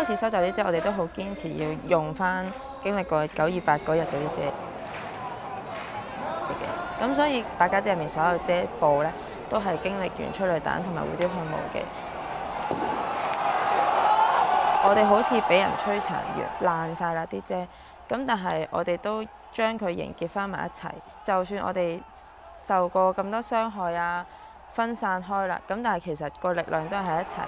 開始收集啲遮，我哋都好堅持要用翻經歷過九二八嗰日嘅啲遮。咁所以百家遮入面所有遮布呢，都係經歷完催淚彈同埋胡椒噴霧嘅。 我哋好似俾人摧殘完爛晒啦啲遮。咁但係我哋都將佢凝結翻埋一齊。就算我哋受過咁多傷害啊，分散開啦，咁但係其實個力量都係一齊。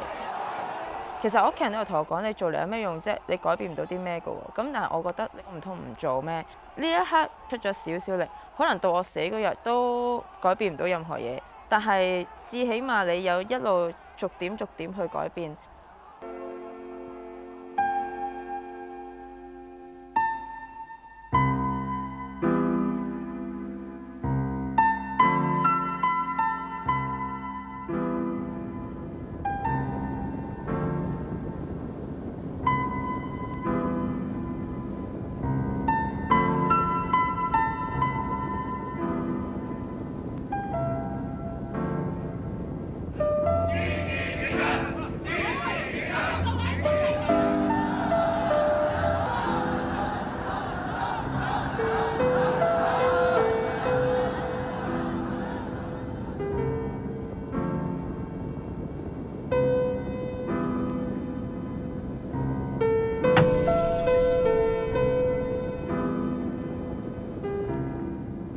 其實我屋企人都同我講：你做嚟有咩用啫？你改變唔到啲咩㗎喎。咁但係我覺得你唔通唔做咩？呢一刻出咗少少力，可能到我死嗰日都改變唔到任何嘢。但係至起碼你有一路逐點逐點去改變。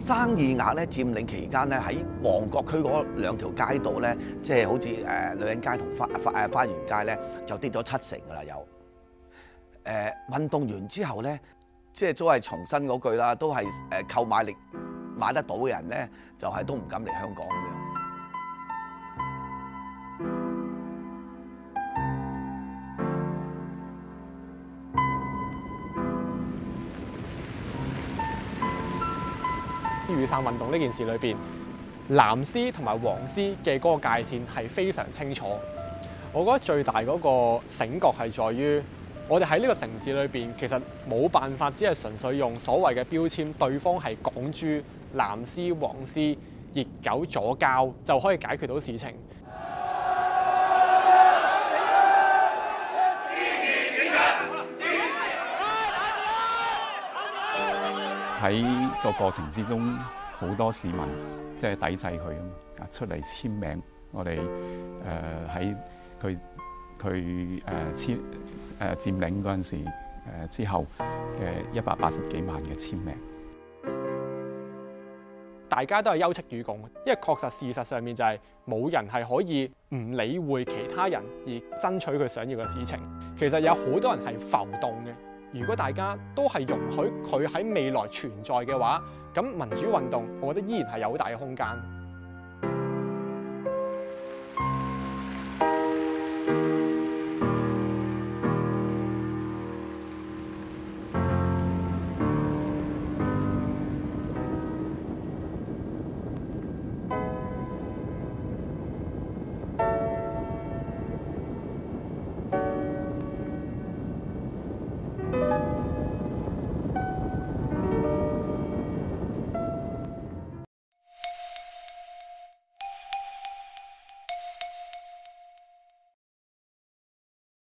生意額咧佔領期間咧喺旺角區嗰兩條街道咧，即係好似誒女人街同花花誒花園街咧、呃，就跌咗七成噶啦有。誒運動完之後咧，即係都係重申嗰句啦，都係誒購買力買得到嘅人咧，就係都唔敢嚟香港咁樣。雨傘運動呢件事裏邊，藍絲同埋黃絲嘅嗰個界線係非常清楚。我覺得最大嗰個醒覺係在於，我哋喺呢個城市裏邊，其實冇辦法只係純粹用所謂嘅標籤，對方係港豬、藍絲、黃絲、熱狗、左膠就可以解決到事情。喺個過程之中，好多市民即係抵制佢啊！出嚟簽名，我哋誒喺佢佢誒佔誒佔領嗰陣時、呃、之後嘅一百八十幾萬嘅簽名，大家都係休戚與共，因為確實事實上面就係、是、冇人係可以唔理會其他人而爭取佢想要嘅事情。其實有好多人係浮動嘅。如果大家都係容許佢喺未來存在嘅話，咁民主運動，我覺得依然係有好大嘅空間。